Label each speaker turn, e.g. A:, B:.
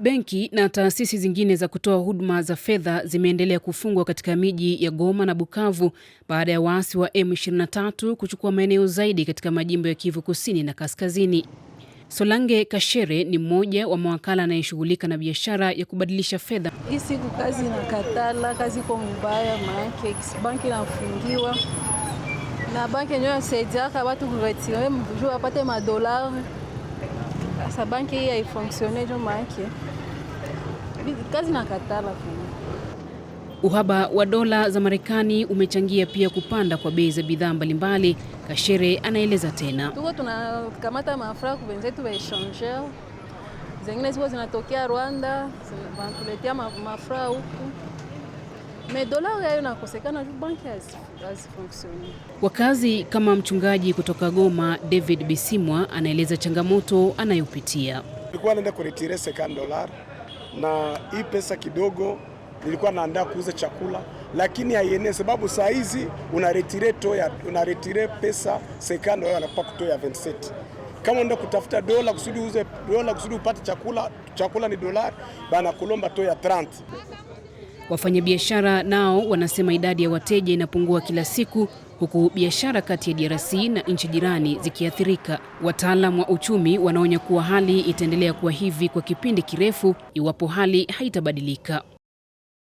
A: Benki na taasisi zingine za kutoa huduma za fedha zimeendelea kufungwa katika miji ya Goma na Bukavu baada ya waasi wa M23 kuchukua maeneo zaidi katika majimbo ya Kivu Kusini na Kaskazini. Solange Kashere ni mmoja wa mawakala anayeshughulika na biashara ya kubadilisha fedha.
B: Hii siku kazi inakatala, kazi iko mbaya, maanake banki inafungiwa na banki yenyewe inasaidiaka watu kuretire juu madolari sa banki hii haifonksione jo maake Kazi na katala
A: Uhaba wa dola za Marekani umechangia pia kupanda kwa bei za bidhaa mbalimbali. Kashere anaeleza tena,
B: tuko tunakamata mafraku wenzetu waishongea, zengine ziko zinatokea Rwanda, wanatuletea mafra huku
A: Wakazi kama mchungaji kutoka Goma David Bisimwa anaeleza changamoto anayopitia.
C: Nilikuwa naenda kuretire sekan dolar na hii pesa kidogo nilikuwa naandaa kuuza chakula, lakini haienee sababu saa hizi unaretire toya, unaretire pesa sekan dola anakupa kutoya 27 kama unaenda kutafuta dola kusudi uze dola kusudi upate chakula, chakula ni dolari banakulomba toya 30
A: Wafanyabiashara nao wanasema idadi ya wateja inapungua kila siku huku biashara kati ya DRC na nchi jirani zikiathirika. Wataalam wa uchumi wanaonya kuwa hali itaendelea kuwa hivi kwa kipindi kirefu iwapo hali haitabadilika.